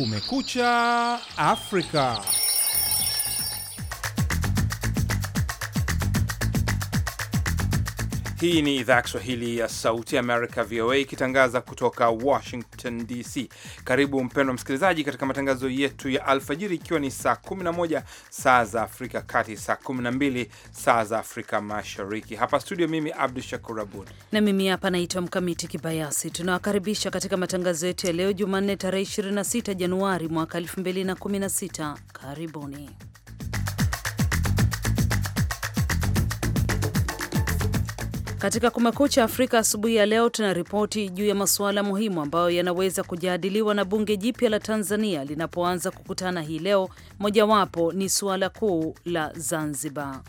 Kumekucha Afrika. Hii ni idhaa ya Kiswahili ya Sauti Amerika, VOA, ikitangaza kutoka Washington DC. Karibu mpendwa msikilizaji, katika matangazo yetu ya alfajiri, ikiwa ni saa 11 saa za Afrika Kati, saa 12 saa za Afrika Mashariki. Hapa studio, mimi Abdu Shakur Abud na mimi hapa naitwa Mkamiti Kibayasi. Tunawakaribisha katika matangazo yetu ya leo Jumanne, tarehe 26 Januari mwaka 2016. Karibuni. Katika Kumekucha Afrika asubuhi ya leo, tuna ripoti juu ya masuala muhimu ambayo yanaweza kujadiliwa na bunge jipya la Tanzania linapoanza kukutana hii leo. Mojawapo ni suala kuu la Zanzibar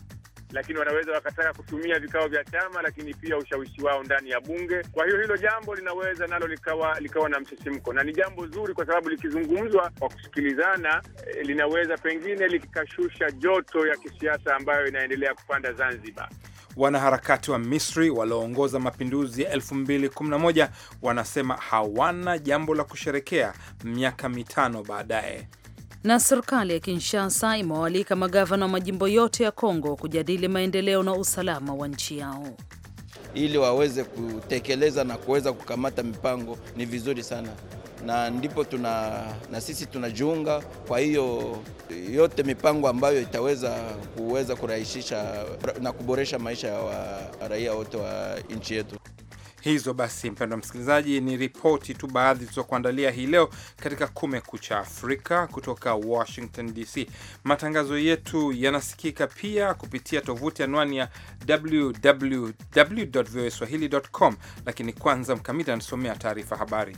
lakini wanaweza wakataka kutumia vikao vya chama, lakini pia ushawishi wao ndani ya bunge. Kwa hiyo hilo jambo linaweza nalo likawa likawa na msisimko, na ni jambo zuri, kwa sababu likizungumzwa kwa kusikilizana, eh, linaweza pengine likikashusha joto ya kisiasa ambayo inaendelea kupanda Zanzibar. Wanaharakati wa Misri walioongoza mapinduzi ya 2011 wanasema hawana jambo la kusherekea miaka mitano baadaye. Na serikali ya Kinshasa imewaalika magavana wa majimbo yote ya Kongo kujadili maendeleo na usalama wa nchi yao ili waweze kutekeleza na kuweza kukamata mipango. Ni vizuri sana na ndipo tuna na sisi tunajiunga. Kwa hiyo yote mipango ambayo itaweza kuweza kurahisisha na kuboresha maisha ya raia wote wa nchi yetu. Hizo basi, mpendwa msikilizaji, ni ripoti tu baadhi tulizokuandalia hii leo katika Kumekucha Afrika kutoka Washington DC. Matangazo yetu yanasikika pia kupitia tovuti anwani ya www com, lakini kwanza Mkamiti anasomea taarifa habari.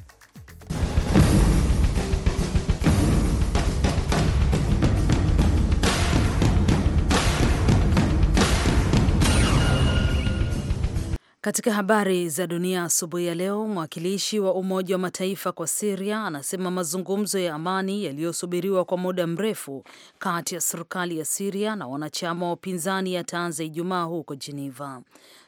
Katika habari za dunia asubuhi ya leo, mwakilishi wa Umoja wa Mataifa kwa Siria anasema mazungumzo ya amani yaliyosubiriwa kwa muda mrefu kati ya serikali ya Siria na wanachama wa upinzani yataanza Ijumaa huko Geneva.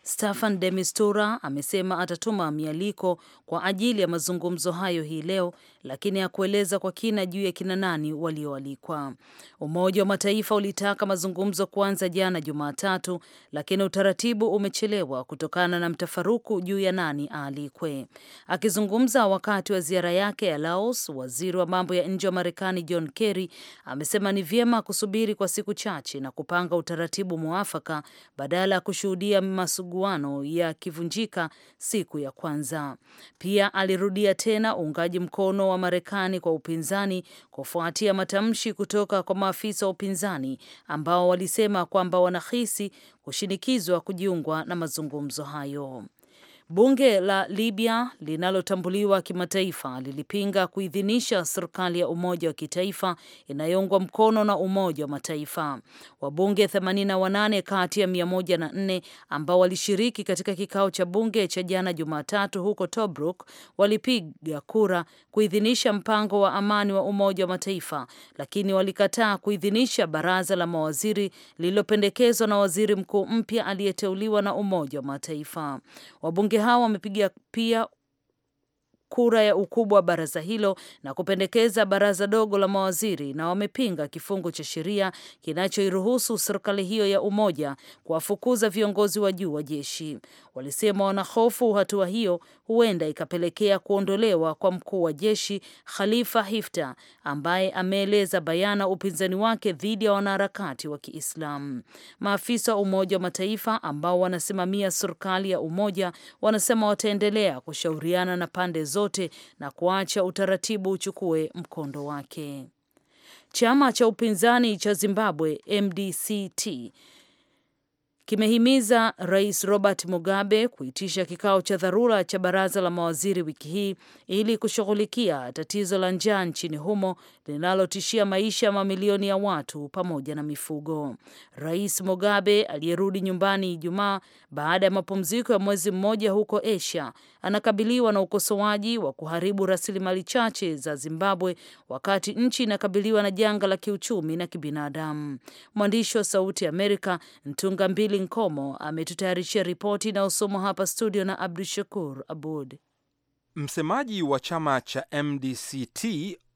Staffan de Mistura amesema atatuma mialiko kwa ajili ya mazungumzo hayo hii leo, lakini hakueleza kwa kina juu ya kina nani walioalikwa. Umoja wa Mataifa ulitaka mazungumzo kuanza jana Jumatatu, lakini utaratibu umechelewa kutokana na mtafaruku juu ya nani aalikwe. Akizungumza wakati wa ziara yake ya Laos, waziri wa mambo ya nje wa Marekani John Kerry amesema ni vyema kusubiri kwa siku chache na kupanga utaratibu mwafaka badala ya kushuhudia masugu msuguano yakivunjika siku ya kwanza. Pia alirudia tena uungaji mkono wa Marekani kwa upinzani kufuatia matamshi kutoka kwa maafisa wa upinzani ambao walisema kwamba wanahisi kushinikizwa kujiungwa na mazungumzo hayo. Bunge la Libya linalotambuliwa kimataifa lilipinga kuidhinisha serikali ya umoja wa kitaifa inayoungwa mkono na Umoja wa Mataifa. Wabunge 88 kati ya 104 ambao walishiriki katika kikao cha bunge cha jana Jumatatu huko Tobruk walipiga kura kuidhinisha mpango wa amani wa Umoja wa Mataifa, lakini walikataa kuidhinisha baraza la mawaziri lililopendekezwa na waziri mkuu mpya aliyeteuliwa na Umoja wa Mataifa. Wabunge Wabunge hao wamepiga pia kura ya ukubwa wa baraza hilo na kupendekeza baraza dogo la mawaziri na wamepinga kifungu cha sheria kinachoiruhusu serikali hiyo ya umoja kuwafukuza viongozi wa juu wa jeshi. Walisema wanahofu hatua hiyo huenda ikapelekea kuondolewa kwa mkuu wa jeshi Khalifa hifta ambaye ameeleza bayana upinzani wake dhidi ya wanaharakati wa Kiislamu. Maafisa wa Umoja wa Mataifa ambao wanasimamia serikali ya umoja wanasema wataendelea kushauriana na pande zote na kuacha utaratibu uchukue mkondo wake. Chama cha upinzani cha Zimbabwe MDCT kimehimiza Rais Robert Mugabe kuitisha kikao cha dharura cha baraza la mawaziri wiki hii ili kushughulikia tatizo la njaa nchini humo linalotishia maisha ya mamilioni ya watu pamoja na mifugo. Rais Mugabe aliyerudi nyumbani Ijumaa baada ya mapumziko ya mwezi mmoja huko Asia anakabiliwa na ukosoaji wa kuharibu rasilimali chache za Zimbabwe wakati nchi inakabiliwa na janga la kiuchumi na kibinadamu. Mwandishi wa Sauti ya Amerika Mtunga Mbili komo ametutayarishia ripoti inayosomwa hapa studio na Abdu Shakur Abud. Msemaji wa chama cha MDCT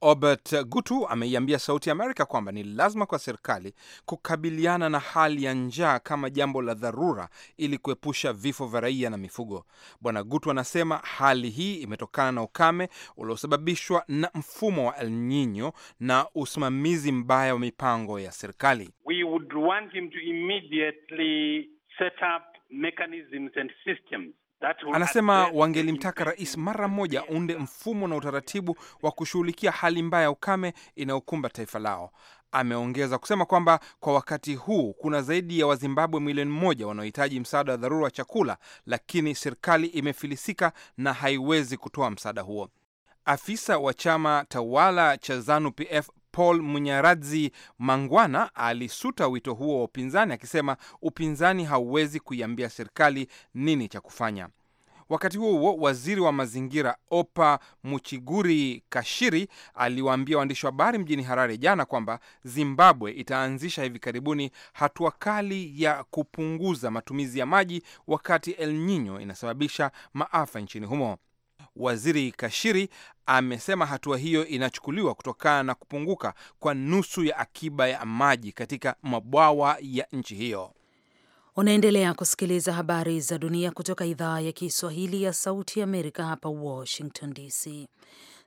Obert Gutu ameiambia Sauti ya Amerika kwamba ni lazima kwa serikali kukabiliana na hali ya njaa kama jambo la dharura ili kuepusha vifo vya raia na mifugo. Bwana Gutu anasema hali hii imetokana na ukame uliosababishwa na mfumo wa El Nino na usimamizi mbaya wa mipango ya serikali. We would want him to immediately set up mechanisms and systems Anasema wangelimtaka rais mara moja unde mfumo na utaratibu wa kushughulikia hali mbaya ya ukame inayokumba taifa lao. Ameongeza kusema kwamba kwa wakati huu kuna zaidi ya Wazimbabwe milioni moja wanaohitaji msaada wa dharura wa chakula, lakini serikali imefilisika na haiwezi kutoa msaada huo. Afisa wa chama tawala cha ZANU PF Paul Munyaradzi Mangwana alisuta wito huo wa upinzani akisema upinzani hauwezi kuiambia serikali nini cha kufanya. Wakati huo huo, waziri wa mazingira Opa Muchiguri Kashiri aliwaambia waandishi wa habari mjini Harare jana kwamba Zimbabwe itaanzisha hivi karibuni hatua kali ya kupunguza matumizi ya maji wakati El Nino inasababisha maafa nchini humo. Waziri Kashiri amesema hatua hiyo inachukuliwa kutokana na kupunguka kwa nusu ya akiba ya maji katika mabwawa ya nchi hiyo. Unaendelea kusikiliza habari za dunia kutoka idhaa ya Kiswahili ya Sauti ya Amerika hapa Washington DC.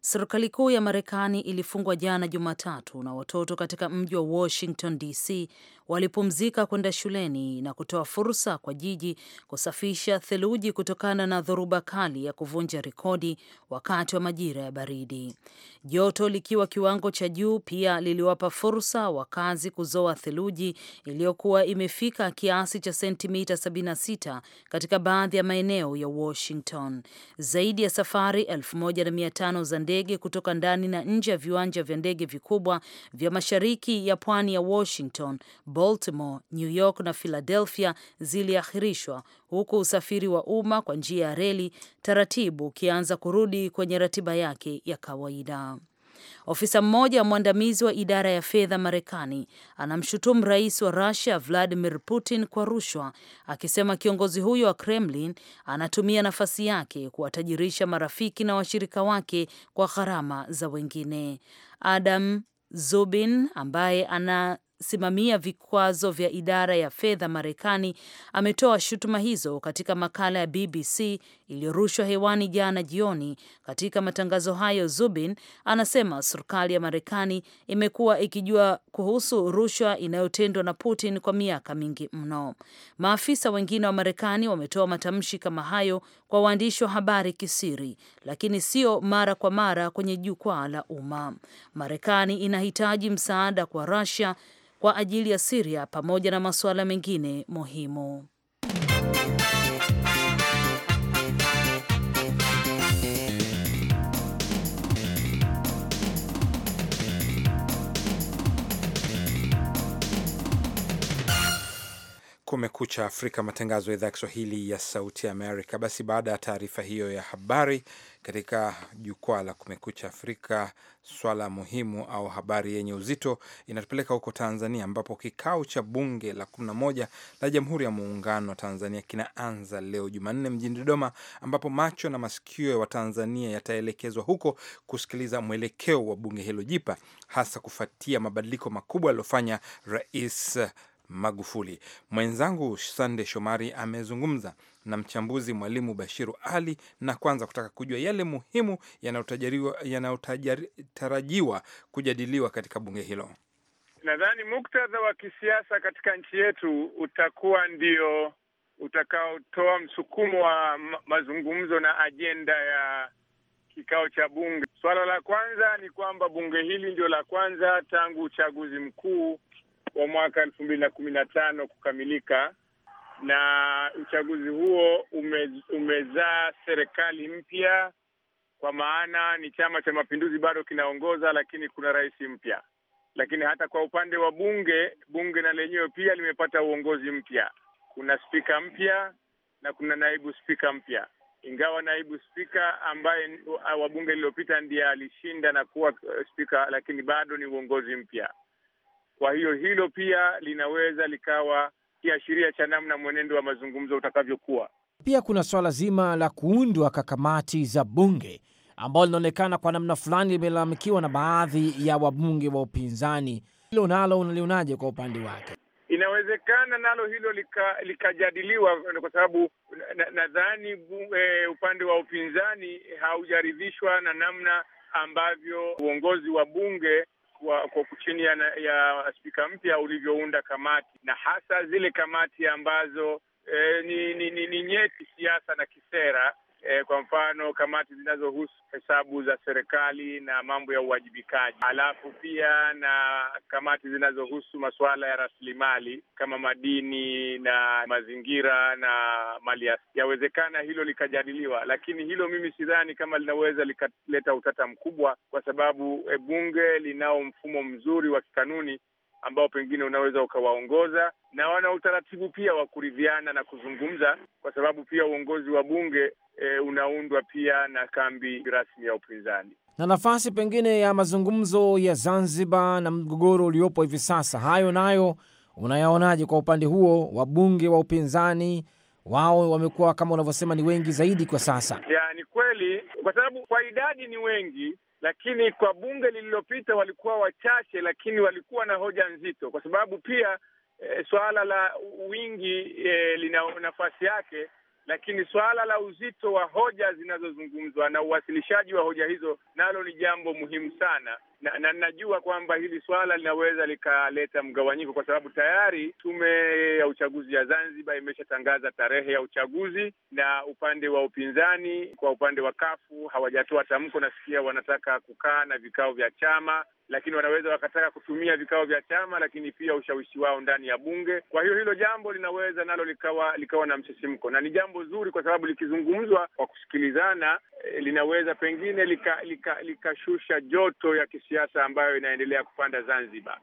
Serikali kuu ya Marekani ilifungwa jana Jumatatu na watoto katika mji wa Washington DC walipumzika kwenda shuleni na kutoa fursa kwa jiji kusafisha theluji kutokana na dhoruba kali ya kuvunja rekodi wakati wa majira ya baridi. Joto likiwa kiwango cha juu pia liliwapa fursa wakazi kuzoa theluji iliyokuwa imefika kiasi cha sentimita 76 katika baadhi ya maeneo ya Washington. Zaidi ya safari 1500 za ndege kutoka ndani na nje ya viwanja vya ndege vikubwa vya mashariki ya pwani ya Washington, Baltimore, New York na Philadelphia ziliahirishwa huku usafiri wa umma kwa njia ya reli taratibu ukianza kurudi kwenye ratiba yake ya kawaida. Ofisa mmoja mwandamizi wa idara ya fedha Marekani anamshutumu rais wa Rusia Vladimir Putin kwa rushwa, akisema kiongozi huyo wa Kremlin anatumia nafasi yake kuwatajirisha marafiki na washirika wake kwa gharama za wengine. Adam Zubin ambaye ana anayesimamia vikwazo vya idara ya fedha Marekani ametoa shutuma hizo katika makala ya BBC iliyorushwa hewani jana jioni. Katika matangazo hayo, Zubin anasema serikali ya Marekani imekuwa ikijua kuhusu rushwa inayotendwa na Putin kwa miaka mingi mno. Maafisa wengine wa Marekani wametoa matamshi kama hayo kwa waandishi wa habari kisiri, lakini sio mara kwa mara kwenye jukwaa la umma. Marekani inahitaji msaada kwa Russia kwa ajili ya Syria pamoja na masuala mengine muhimu. Kumekucha Afrika, matangazo ya idhaa ya Kiswahili ya Sauti Amerika. Basi baada ya taarifa hiyo ya habari katika jukwaa la Kumekucha Afrika, swala muhimu au habari yenye uzito inatupeleka huko Tanzania, ambapo kikao cha bunge la 11 la Jamhuri ya Muungano wa Tanzania kinaanza leo Jumanne mjini Dodoma, ambapo macho na masikio ya Watanzania yataelekezwa huko kusikiliza mwelekeo wa bunge hilo jipa hasa kufuatia mabadiliko makubwa aliyofanya Rais Magufuli. Mwenzangu Sande Shomari amezungumza na mchambuzi Mwalimu Bashiru Ali na kwanza kutaka kujua yale muhimu yanayotarajiwa kujadiliwa katika bunge hilo. Nadhani muktadha wa kisiasa katika nchi yetu utakuwa ndio utakaotoa msukumo wa mazungumzo na ajenda ya kikao cha bunge. Suala la kwanza ni kwamba bunge hili ndio la kwanza tangu uchaguzi mkuu wa mwaka elfu mbili na kumi na tano kukamilika, na uchaguzi huo ume, umezaa serikali mpya, kwa maana ni Chama cha Mapinduzi bado kinaongoza, lakini kuna rais mpya. Lakini hata kwa upande wa bunge, bunge na lenyewe pia limepata uongozi mpya, kuna spika mpya na kuna naibu spika mpya ingawa naibu spika ambaye wa bunge lililopita ndiye alishinda na kuwa eh, spika, lakini bado ni uongozi mpya. Kwa hiyo hilo pia linaweza likawa kiashiria cha namna mwenendo wa mazungumzo utakavyokuwa. Pia kuna swala zima la kuundwa kwa kamati za bunge ambalo linaonekana kwa namna fulani limelalamikiwa na baadhi ya wabunge wa upinzani. Hilo nalo unalionaje kwa upande wake? Inawezekana nalo hilo likajadiliwa lika, kwa sababu nadhani na eh, e, upande wa upinzani haujaridhishwa na namna ambavyo uongozi wa bunge kwa, kwa chini ya, ya spika mpya ulivyounda kamati na hasa zile kamati ambazo eh, ni, ni, ni, ni nyeti siasa na kisera e, kwa mfano kamati zinazohusu hesabu za serikali na mambo ya uwajibikaji, alafu pia na kamati zinazohusu masuala ya rasilimali kama madini na mazingira na mali ya Yawezekana hilo likajadiliwa, lakini hilo mimi sidhani kama linaweza likaleta utata mkubwa, kwa sababu eh, bunge linao mfumo mzuri wa kikanuni ambao pengine unaweza ukawaongoza, na wana utaratibu pia wa kuridhiana na kuzungumza, kwa sababu pia uongozi wa bunge e, unaundwa pia na kambi rasmi ya upinzani. Na nafasi pengine ya mazungumzo ya Zanzibar na mgogoro uliopo hivi sasa, hayo nayo unayaonaje? Kwa upande huo wabunge wa upinzani wao wamekuwa kama unavyosema ni wengi zaidi kwa sasa. Ya, ni kweli kwa sababu kwa idadi ni wengi, lakini kwa bunge lililopita walikuwa wachache, lakini walikuwa na hoja nzito, kwa sababu pia e, eh, suala la wingi e, lina nafasi yake lakini suala la uzito wa hoja zinazozungumzwa na uwasilishaji wa hoja hizo nalo ni jambo muhimu sana, na ninajua kwamba hili swala linaweza likaleta mgawanyiko, kwa sababu tayari tume ya uchaguzi ya Zanzibar imeshatangaza tarehe ya uchaguzi, na upande wa upinzani, kwa upande wa kafu hawajatoa tamko. Nasikia wanataka kukaa na vikao vya chama lakini wanaweza wakataka kutumia vikao vya chama, lakini pia ushawishi wao ndani ya bunge. Kwa hiyo hilo jambo linaweza nalo likawa likawa na msisimko, na ni jambo zuri kwa sababu likizungumzwa kwa kusikilizana eh, linaweza pengine likashusha lika, lika joto ya kisiasa ambayo inaendelea kupanda Zanzibar.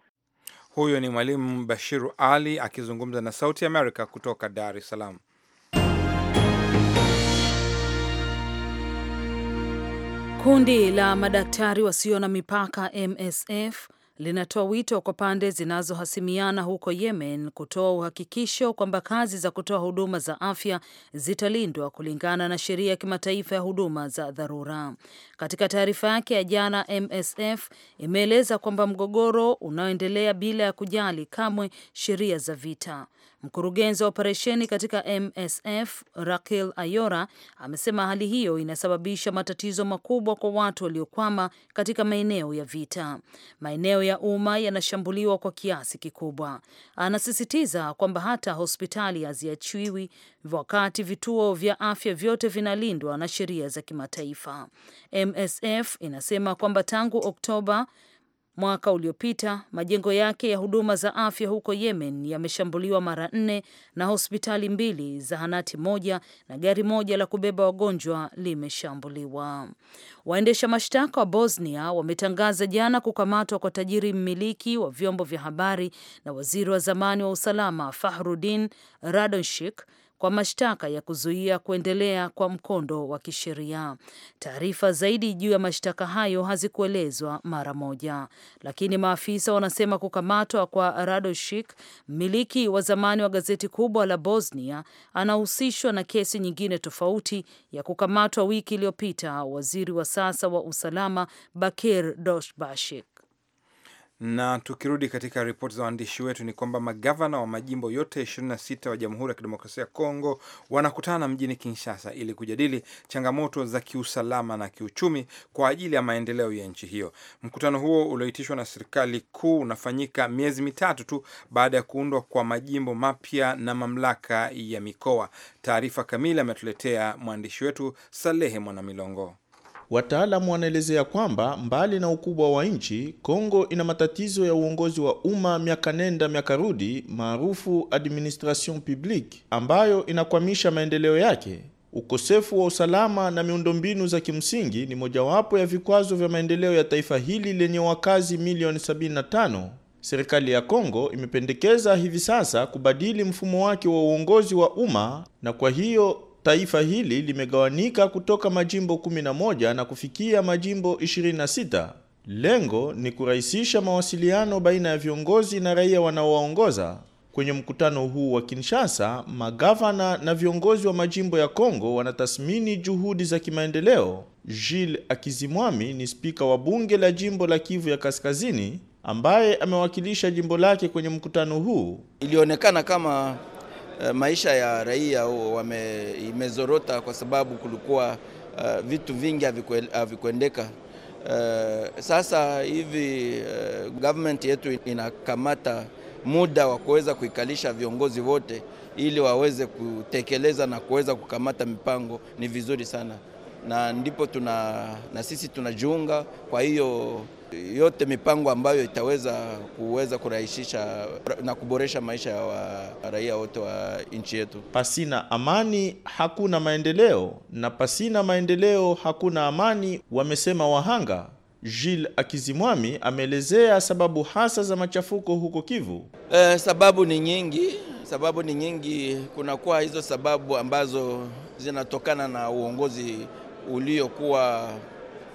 Huyo ni Mwalimu Bashiru Ali akizungumza na Sauti Amerika kutoka Dar es Salaam. Kundi la madaktari wasio na mipaka MSF linatoa wito kwa pande zinazohasimiana huko Yemen kutoa uhakikisho kwamba kazi za kutoa huduma za afya zitalindwa kulingana na sheria ya kimataifa ya huduma za dharura. Katika taarifa yake ya jana, MSF imeeleza kwamba mgogoro unaoendelea bila ya kujali kamwe sheria za vita Mkurugenzi wa operesheni katika MSF rakil Ayora amesema hali hiyo inasababisha matatizo makubwa kwa watu waliokwama katika maeneo ya vita. Maeneo ya umma yanashambuliwa kwa kiasi kikubwa. Anasisitiza kwamba hata hospitali haziachiwi wakati vituo vya afya vyote vinalindwa na sheria za kimataifa. MSF inasema kwamba tangu Oktoba Mwaka uliopita majengo yake ya huduma za afya huko Yemen yameshambuliwa mara nne na hospitali mbili, zahanati moja na gari moja la kubeba wagonjwa limeshambuliwa. Waendesha mashtaka wa Bosnia wametangaza jana kukamatwa kwa tajiri mmiliki wa vyombo vya habari na waziri wa zamani wa usalama Fahrudin Radonshik kwa mashtaka ya kuzuia kuendelea kwa mkondo wa kisheria. Taarifa zaidi juu ya mashtaka hayo hazikuelezwa mara moja, lakini maafisa wanasema kukamatwa kwa Radoshik, mmiliki wa zamani wa gazeti kubwa la Bosnia, anahusishwa na kesi nyingine tofauti ya kukamatwa wiki iliyopita waziri wa sasa wa usalama Bakir Doshbashik. Na tukirudi katika ripoti za waandishi wetu ni kwamba magavana wa majimbo yote 26 wa Jamhuri ya Kidemokrasia ya Kongo wanakutana mjini Kinshasa ili kujadili changamoto za kiusalama na kiuchumi kwa ajili ya maendeleo ya nchi hiyo. Mkutano huo ulioitishwa na serikali kuu unafanyika miezi mitatu tu baada ya kuundwa kwa majimbo mapya na mamlaka ya mikoa. Taarifa kamili ametuletea mwandishi wetu Salehe Mwanamilongo. Wataalamu wanaelezea kwamba mbali na ukubwa wa nchi, Kongo ina matatizo ya uongozi wa umma miaka nenda miaka rudi, maarufu administration publique, ambayo inakwamisha maendeleo yake. Ukosefu wa usalama na miundombinu za kimsingi ni mojawapo ya vikwazo vya maendeleo ya taifa hili lenye wakazi milioni 75. Serikali ya Kongo imependekeza hivi sasa kubadili mfumo wake wa uongozi wa umma na kwa hiyo taifa hili limegawanika kutoka majimbo 11 na kufikia majimbo 26. Lengo ni kurahisisha mawasiliano baina ya viongozi na raia wanaowaongoza. Kwenye mkutano huu wa Kinshasa, magavana na viongozi wa majimbo ya Kongo wanatathmini juhudi za kimaendeleo. Jules Akizimwami ni spika wa bunge la jimbo la Kivu ya Kaskazini ambaye amewakilisha jimbo lake kwenye mkutano huu. Ilionekana kama Eh, maisha ya raia wame, imezorota kwa sababu kulikuwa uh, vitu vingi havikuendeka. Uh, sasa hivi uh, government yetu inakamata muda wa kuweza kuikalisha viongozi wote ili waweze kutekeleza na kuweza kukamata mipango ni vizuri sana, na ndipo tuna na sisi tunajiunga kwa hiyo yote mipango ambayo itaweza kuweza kurahisisha na kuboresha maisha ya raia wote wa nchi yetu. Pasina amani hakuna maendeleo, na pasina maendeleo hakuna amani, wamesema wahanga. Jules Akizimwami ameelezea sababu hasa za machafuko huko Kivu. Eh, sababu ni nyingi, sababu ni nyingi. Kunakuwa hizo sababu ambazo zinatokana na uongozi uliokuwa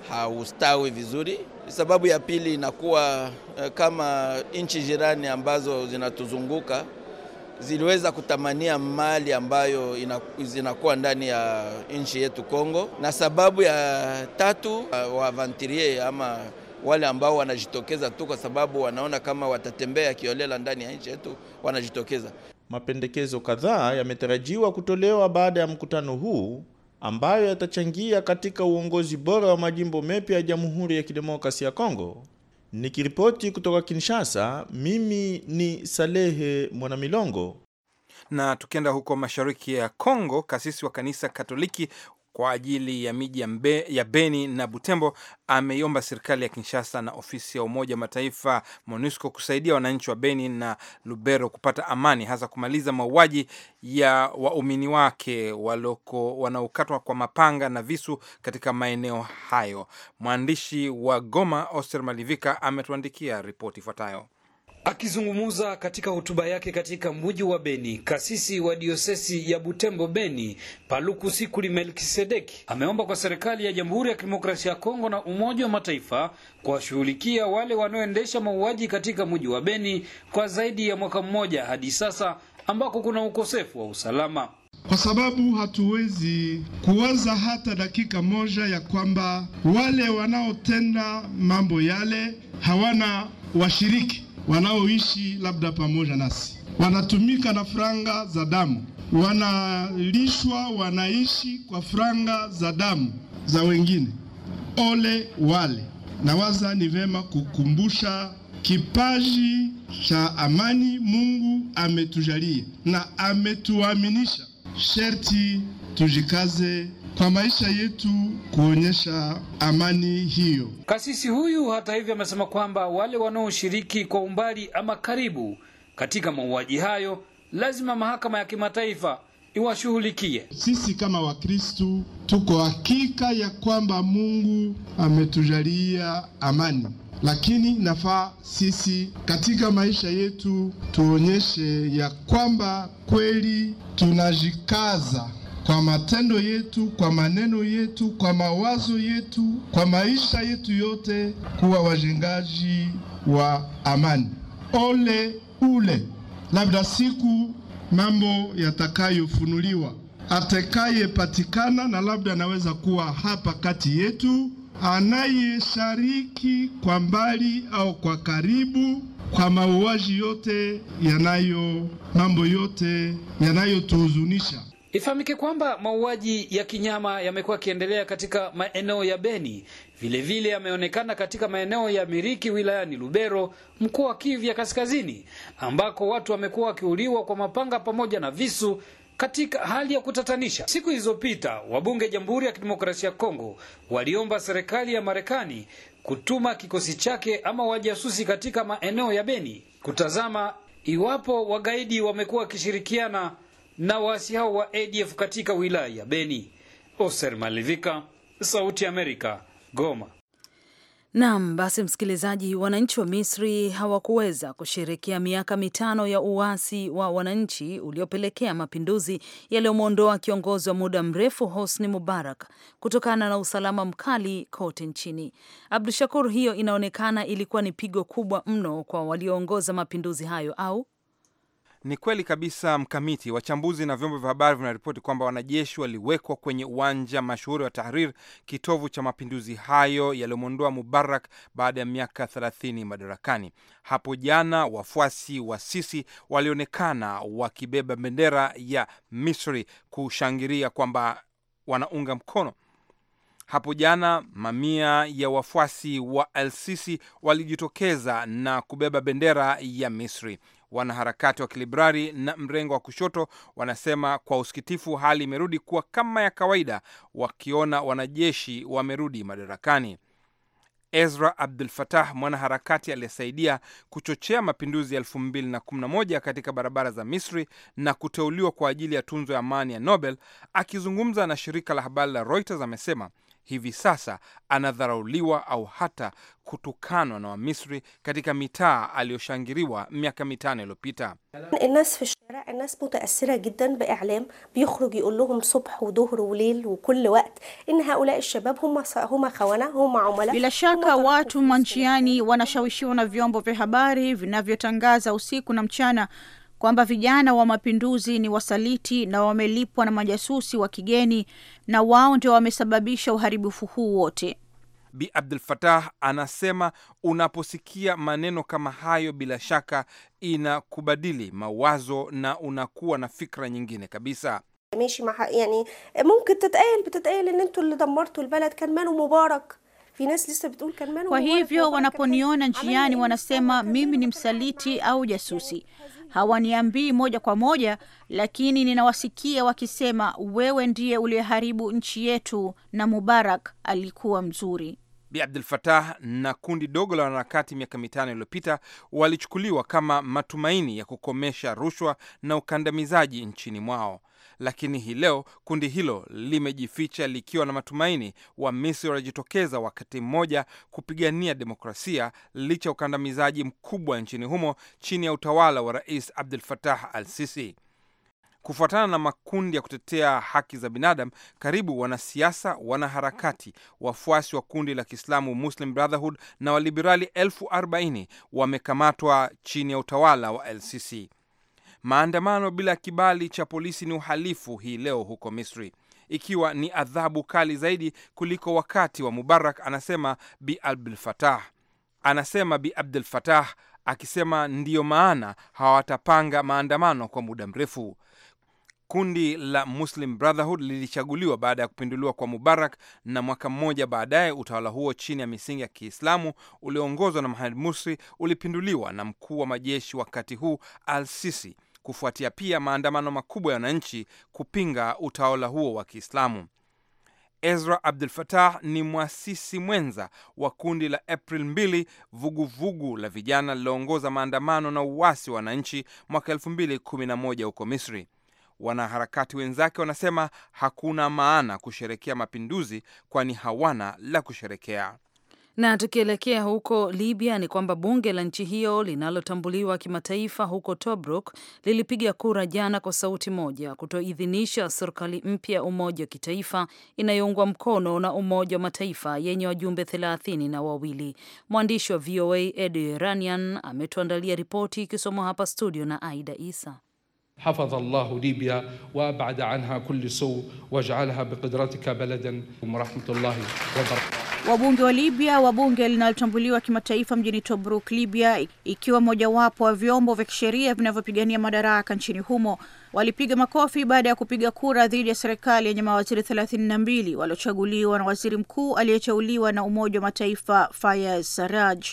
haustawi vizuri Sababu ya pili inakuwa eh, kama nchi jirani ambazo zinatuzunguka ziliweza kutamania mali ambayo zinakuwa ndani ya nchi yetu Kongo, na sababu ya tatu eh, wavantirie ama wale ambao wanajitokeza tu kwa sababu wanaona kama watatembea kiolela ndani ya nchi yetu wanajitokeza. Mapendekezo kadhaa yametarajiwa kutolewa baada ya mkutano huu ambayo yatachangia katika uongozi bora wa majimbo mepya ya Jamhuri ya Kidemokrasia ya Kongo. Nikiripoti kutoka Kinshasa, mimi ni Salehe Mwanamilongo. Na tukienda huko mashariki ya Kongo, kasisi wa kanisa Katoliki kwa ajili ya miji ya, ya Beni na Butembo ameiomba serikali ya Kinshasa na ofisi ya Umoja wa Mataifa MONUSCO kusaidia wananchi wa Beni na Lubero kupata amani, hasa kumaliza mauaji ya waumini wake waloko wanaokatwa kwa mapanga na visu katika maeneo hayo. Mwandishi wa Goma Oster Malivika ametuandikia ripoti ifuatayo. Akizungumza katika hotuba yake katika mji wa Beni, kasisi wa diosesi ya Butembo Beni, Paluku Sikuli Melkisedeki ameomba kwa serikali ya Jamhuri ya Kidemokrasia ya Kongo na Umoja wa Mataifa kuwashughulikia wale wanaoendesha mauaji katika mji wa Beni kwa zaidi ya mwaka mmoja hadi sasa, ambako kuna ukosefu wa usalama kwa sababu hatuwezi kuwaza hata dakika moja ya kwamba wale wanaotenda mambo yale hawana washiriki wanaoishi labda pamoja nasi, wanatumika na franga za damu, wanalishwa, wanaishi kwa franga za damu za wengine. Ole wale! Nawaza ni vema kukumbusha kipaji cha amani Mungu ametujalia na ametuaminisha, sherti tujikaze kwa maisha yetu kuonyesha amani hiyo. Kasisi huyu hata hivyo amesema kwamba wale wanaoshiriki kwa umbali ama karibu katika mauaji hayo lazima mahakama ya kimataifa iwashughulikie. Sisi kama Wakristu tuko hakika ya kwamba Mungu ametujalia amani, lakini nafaa sisi katika maisha yetu tuonyeshe ya kwamba kweli tunajikaza kwa matendo yetu, kwa maneno yetu, kwa mawazo yetu, kwa maisha yetu yote kuwa wajengaji wa amani. Ole ule labda siku mambo yatakayofunuliwa, atakayepatikana na labda anaweza kuwa hapa kati yetu, anayeshariki kwa mbali au kwa karibu kwa mauaji yote yanayo, mambo yote yanayotuhuzunisha Ifahamike kwamba mauaji ya kinyama yamekuwa yakiendelea katika maeneo ya Beni, vilevile yameonekana katika maeneo ya Miriki wilayani Lubero, mkoa wa Kivu ya Kaskazini, ambako watu wamekuwa wakiuliwa kwa mapanga pamoja na visu katika hali ya kutatanisha. Siku zilizopita wabunge Jamhuri ya Kidemokrasia ya Kongo waliomba serikali ya Marekani kutuma kikosi chake ama wajasusi katika maeneo ya Beni kutazama iwapo wagaidi wamekuwa wakishirikiana na waasi hao wa ADF katika wilaya ya Beni. Oser Malivika, Sauti ya Amerika, Goma. Naam, basi msikilizaji, wananchi wa Misri hawakuweza kusherekea miaka mitano ya uasi wa wananchi uliopelekea mapinduzi yaliyomwondoa kiongozi wa muda mrefu Hosni Mubarak kutokana na usalama mkali kote nchini. Abdu Shakur, hiyo inaonekana ilikuwa ni pigo kubwa mno kwa walioongoza mapinduzi hayo, au ni kweli kabisa mkamiti. Wachambuzi na vyombo vya habari vinaripoti kwamba wanajeshi waliwekwa kwenye uwanja mashuhuri wa Tahrir, kitovu cha mapinduzi hayo yaliyomwondoa Mubarak baada ya miaka 30 madarakani. Hapo jana wafuasi wa Sisi walionekana wakibeba bendera ya Misri kushangilia kwamba wanaunga mkono hapo jana mamia ya wafuasi wa Al-Sisi walijitokeza na kubeba bendera ya Misri. Wanaharakati wa kiliberali na mrengo wa kushoto wanasema kwa usikitifu, hali imerudi kuwa kama ya kawaida, wakiona wanajeshi wamerudi madarakani. Ezra Abdul Fatah, mwanaharakati aliyesaidia kuchochea mapinduzi ya 2011 katika barabara za Misri na kuteuliwa kwa ajili ya tunzo ya amani ya Nobel, akizungumza na shirika la habari la Reuters amesema hivi sasa anadharauliwa au hata kutukanwa na Wamisri katika mitaa aliyoshangiriwa miaka mitano iliyopita. Bila shaka watu manjiani wanashawishiwa na vyombo vya habari vinavyotangaza usiku na mchana kwamba vijana wa mapinduzi ni wasaliti na wamelipwa na majasusi wa kigeni na wao ndio wamesababisha uharibifu huu wote. Bi Abdul Fatah anasema unaposikia maneno kama hayo, bila shaka inakubadili mawazo na unakuwa na fikra nyingine kabisa. Kwa hivyo wanaponiona njiani wanasema mimi ni msaliti au jasusi, hawaniambii moja kwa moja, lakini ninawasikia wakisema, wewe ndiye uliyeharibu nchi yetu na Mubarak alikuwa mzuri. Bi Abdul Fatah na kundi dogo la wanaharakati miaka mitano iliyopita walichukuliwa kama matumaini ya kukomesha rushwa na ukandamizaji nchini mwao lakini hii leo kundi hilo limejificha likiwa na matumaini wa Misri wanajitokeza wakati mmoja kupigania demokrasia licha ya ukandamizaji mkubwa nchini humo chini ya utawala wa Rais abdul fatah al-Sisi. Kufuatana na makundi ya kutetea haki za binadamu, karibu wanasiasa, wanaharakati, wafuasi wa kundi la Kiislamu Muslim Brotherhood na waliberali elfu arobaini wamekamatwa chini ya utawala wa LCC. Maandamano bila kibali cha polisi ni uhalifu hii leo huko Misri, ikiwa ni adhabu kali zaidi kuliko wakati wa Mubarak, anasema Bi Abdul Fatah, anasema Bi Abdul Fatah akisema ndiyo maana hawatapanga maandamano kwa muda mrefu. Kundi la Muslim Brotherhood lilichaguliwa baada ya kupinduliwa kwa Mubarak, na mwaka mmoja baadaye utawala huo chini ya misingi ya Kiislamu ulioongozwa na mhamed Mursi ulipinduliwa na mkuu wa majeshi wakati huu Al Sisi kufuatia pia maandamano makubwa ya wananchi kupinga utawala huo wa Kiislamu. Ezra Abdul Fatah ni mwasisi mwenza wa kundi la April 2, vuguvugu la vijana liloongoza maandamano na uwasi wa wananchi mwaka 2011 huko Misri. Wanaharakati wenzake wanasema hakuna maana kusherekea mapinduzi, kwani hawana la kusherekea. Na tukielekea huko Libya ni kwamba bunge la nchi hiyo linalotambuliwa kimataifa huko Tobruk lilipiga kura jana kwa sauti moja kutoidhinisha serikali mpya ya umoja wa kitaifa inayoungwa mkono na Umoja wa Mataifa yenye wajumbe thelathini na wawili. Mwandishi wa VOA Edu Iranian ametuandalia ripoti ikisomwa hapa studio na Aida Isa. Hafadha Allahu Libya wa abada anha kulli suu waj'alha biqudratika baladan wa rahmatullahi wa barakatuh Wabunge wa Libya wa bunge linalotambuliwa kimataifa mjini Tobruk, Libya, ikiwa mojawapo wa vyombo vya kisheria vinavyopigania madaraka nchini humo walipiga makofi baada ya kupiga kura dhidi ya serikali yenye mawaziri thelathini na mbili waliochaguliwa na waziri mkuu aliyeteuliwa na Umoja wa Mataifa Fayez Saraj.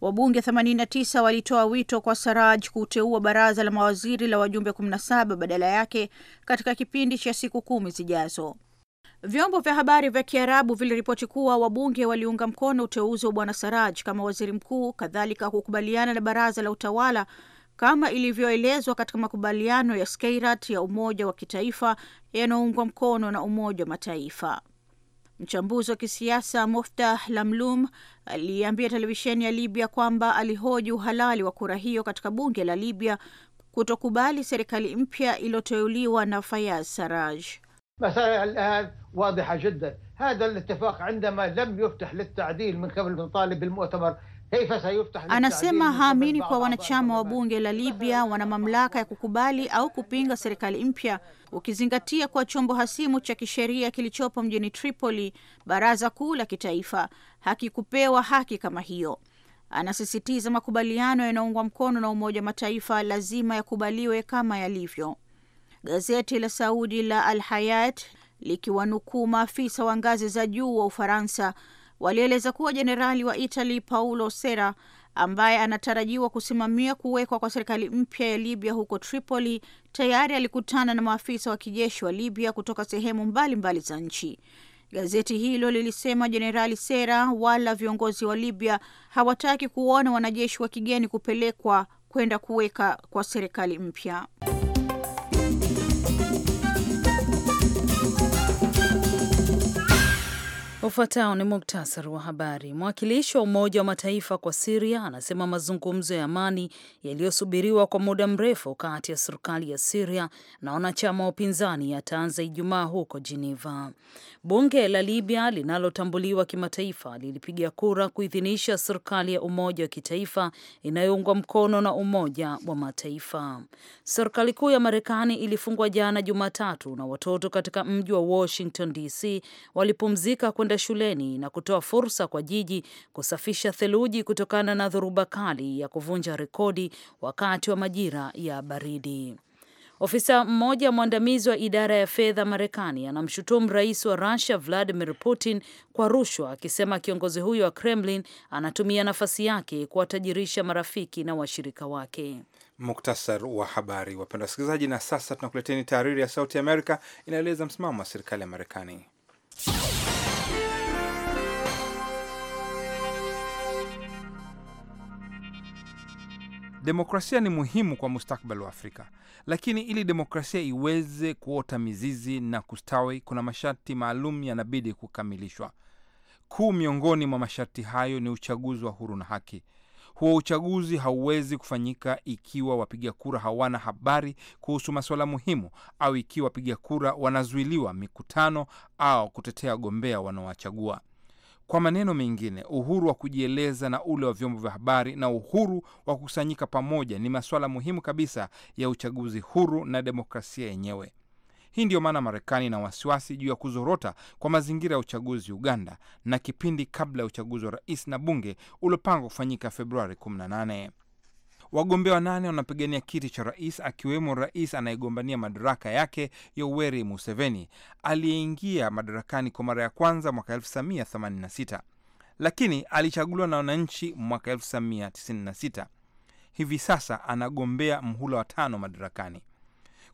Wabunge 89 walitoa wito kwa Saraj kuteua baraza la mawaziri la wajumbe 17 badala yake katika kipindi cha siku kumi zijazo. Vyombo vya habari vya Kiarabu viliripoti kuwa wabunge waliunga mkono uteuzi wa bwana Saraj kama waziri mkuu, kadhalika kukubaliana na baraza la utawala kama ilivyoelezwa katika makubaliano ya Skeirat ya Umoja wa Kitaifa yanayoungwa mkono na Umoja wa Mataifa. Mchambuzi wa kisiasa Muftah Lamlum aliambia televisheni ya Libya kwamba alihoji uhalali wa kura hiyo katika bunge la Libya kutokubali serikali mpya iliyoteuliwa na Fayaz Saraj. مسألة الآن واضحة جدا هذا الاتفاق عندما لم يفتح للتعديل من قبل من طالب المؤتمر Anasema haamini kwa wanachama wa bunge la Libya wana mamlaka ya kukubali au kupinga serikali mpya, ukizingatia kwa chombo hasimu cha kisheria kilichopo mjini Tripoli, baraza kuu la kitaifa, hakikupewa haki kama hiyo. Anasisitiza makubaliano yanaungwa mkono na Umoja wa Mataifa lazima yakubaliwe kama yalivyo. Gazeti la Saudi la Al Hayat likiwanukuu maafisa wa ngazi za juu wa Ufaransa walieleza kuwa jenerali wa Itali Paulo Sera ambaye anatarajiwa kusimamia kuwekwa kwa serikali mpya ya Libya huko Tripoli tayari alikutana na maafisa wa kijeshi wa Libya kutoka sehemu mbalimbali za nchi. Gazeti hilo lilisema jenerali Sera wala viongozi wa Libya hawataki kuona wanajeshi wa kigeni kupelekwa kwenda kuweka kwa serikali mpya. Ufuatao ni muktasari wa habari. Mwakilishi wa Umoja wa Mataifa kwa Siria anasema mazungumzo ya amani yaliyosubiriwa kwa muda mrefu kati ya serikali ya Siria na wanachama wa upinzani yataanza Ijumaa huko Geneva. Bunge la Libya linalotambuliwa kimataifa lilipiga kura kuidhinisha serikali ya umoja wa kitaifa inayoungwa mkono na Umoja wa Mataifa. Serikali kuu ya Marekani ilifungwa jana Jumatatu na watoto katika mji wa Washington DC walipumzika kwenda kwenda shuleni na kutoa fursa kwa jiji kusafisha theluji kutokana na dhoruba kali ya kuvunja rekodi wakati wa majira ya baridi. Ofisa mmoja mwandamizi wa idara ya fedha Marekani anamshutumu rais wa Rusia Vladimir Putin kwa rushwa, akisema kiongozi huyo wa Kremlin anatumia nafasi yake kuwatajirisha marafiki na washirika wake. Muktasar wa habari, wapenda wasikilizaji, na sasa tunakuleteni tahariri ya Sauti Amerika inaeleza msimamo wa serikali ya Marekani. Demokrasia ni muhimu kwa mustakbali wa Afrika, lakini ili demokrasia iweze kuota mizizi na kustawi, kuna masharti maalum yanabidi kukamilishwa. Kuu miongoni mwa masharti hayo ni uchaguzi wa huru na haki. Huo uchaguzi hauwezi kufanyika ikiwa wapiga kura hawana habari kuhusu masuala muhimu, au ikiwa wapiga kura wanazuiliwa mikutano au kutetea wagombea wanaowachagua. Kwa maneno mengine, uhuru wa kujieleza na ule wa vyombo vya habari na uhuru wa kukusanyika pamoja ni masuala muhimu kabisa ya uchaguzi huru na demokrasia yenyewe. Hii ndiyo maana Marekani ina wasiwasi juu ya kuzorota kwa mazingira ya uchaguzi Uganda na kipindi kabla ya uchaguzi wa rais na bunge uliopangwa kufanyika Februari 18. Wagombea wanane wanapigania kiti cha rais, akiwemo rais anayegombania madaraka yake Yoweri Museveni aliyeingia madarakani kwa mara ya kwanza mwaka 1986 lakini alichaguliwa na wananchi mwaka 1996. Hivi sasa anagombea mhula wa tano madarakani.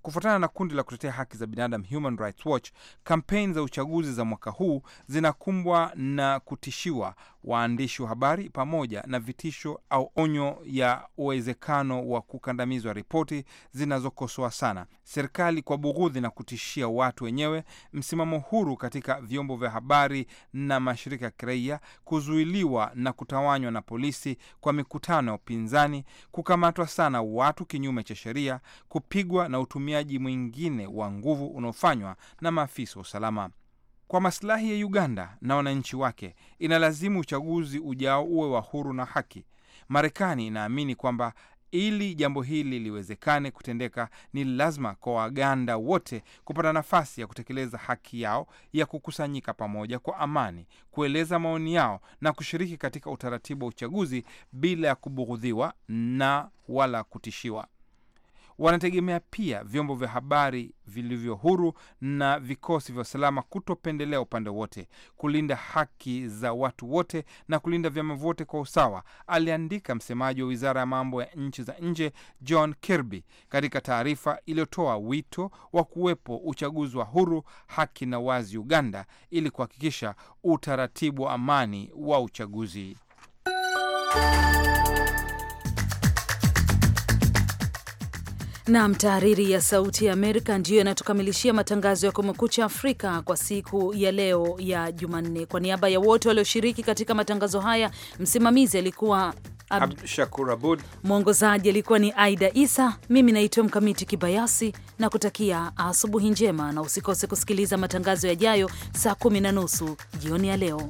Kufuatana na kundi la kutetea haki za binadamu Human Rights Watch, kampeni za uchaguzi za mwaka huu zinakumbwa na kutishiwa waandishi wa habari pamoja na vitisho au onyo ya uwezekano wa kukandamizwa ripoti zinazokosoa sana serikali kwa bughudhi na kutishia watu wenyewe, msimamo huru katika vyombo vya habari na mashirika ya kiraia, kuzuiliwa na kutawanywa na polisi kwa mikutano ya upinzani, kukamatwa sana watu kinyume cha sheria, kupigwa na utumiaji utumiaji mwingine wa nguvu unaofanywa na maafisa wa usalama kwa masilahi ya Uganda na wananchi wake. Inalazimu uchaguzi ujao uwe wa huru na haki. Marekani inaamini kwamba ili jambo hili liwezekane kutendeka, ni lazima kwa Waganda wote kupata nafasi ya kutekeleza haki yao ya kukusanyika pamoja kwa amani, kueleza maoni yao na kushiriki katika utaratibu wa uchaguzi bila ya kubughudhiwa na wala kutishiwa. Wanategemea pia vyombo vya habari vilivyo huru na vikosi vya usalama kutopendelea upande wote, kulinda haki za watu wote na kulinda vyama vyote kwa usawa, aliandika msemaji wa wizara ya mambo ya nchi za nje John Kirby katika taarifa iliyotoa wito wa kuwepo uchaguzi wa huru, haki na wazi Uganda ili kuhakikisha utaratibu wa amani wa uchaguzi. Nam, tahariri ya Sauti ya Amerika ndiyo inatukamilishia matangazo ya Kumekucha Afrika kwa siku ya leo ya Jumanne. Kwa niaba ya wote walioshiriki katika matangazo haya, msimamizi alikuwa Ab Shakur Abud, mwongozaji alikuwa ni Aida Isa, mimi naitwa Mkamiti Kibayasi na kutakia asubuhi njema, na usikose kusikiliza matangazo yajayo saa kumi na nusu jioni ya leo.